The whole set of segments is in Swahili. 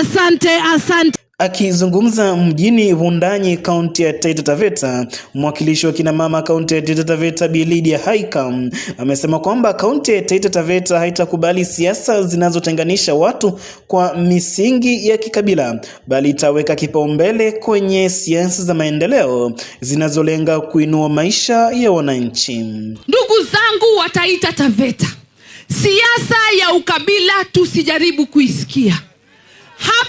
Asante, asante. Akizungumza mjini Wundanyi, kaunti ya Taita Taveta, mwakilishi wa kina mama kaunti ya Taita Taveta Bi Lydia amesema kwamba kaunti ya Taita Taveta haitakubali siasa zinazotenganisha watu kwa misingi ya kikabila, bali itaweka kipaumbele kwenye siasa za maendeleo zinazolenga kuinua maisha ya wananchi. Ndugu zangu wa Taita Taveta, siasa ya ukabila tusijaribu kuisikia.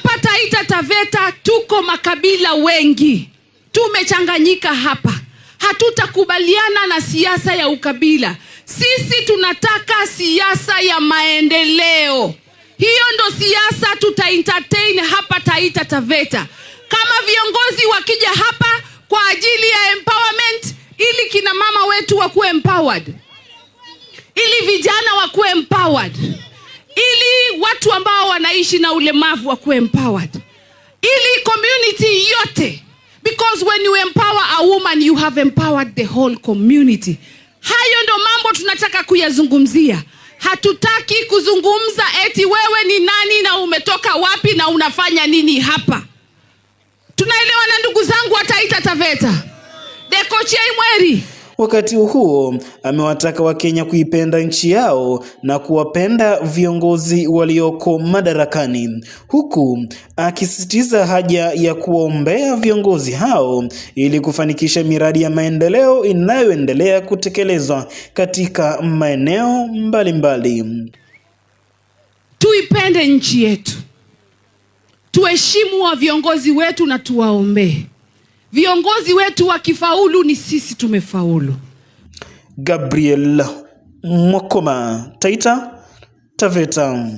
Hapa Taita Taveta tuko makabila wengi, tumechanganyika hapa. Hatutakubaliana na siasa ya ukabila. Sisi tunataka siasa ya maendeleo. Hiyo ndo siasa tuta entertain hapa Taita Taveta. Kama viongozi wakija hapa kwa ajili ya empowerment, ili kina mama wetu wakuwe empowered, ili vijana wakuwe empowered ili watu ambao wanaishi na ulemavu wakuwe empowered, ili community yote, because when you empower a woman you have empowered the whole community. Hayo ndo mambo tunataka kuyazungumzia. Hatutaki kuzungumza eti wewe ni nani na umetoka wapi na unafanya nini hapa. Tunaelewana ndugu zangu wa Taita Taveta, Dekochia Imweri. Wakati huo amewataka Wakenya kuipenda nchi yao na kuwapenda viongozi walioko madarakani, huku akisisitiza haja ya kuwaombea viongozi hao ili kufanikisha miradi ya maendeleo inayoendelea kutekelezwa katika maeneo mbalimbali mbali. Tuipende nchi yetu, tuheshimu wa viongozi wetu na tuwaombee. Viongozi wetu wakifaulu ni sisi tumefaulu. Gabriel Mwakoma, Taita Taveta.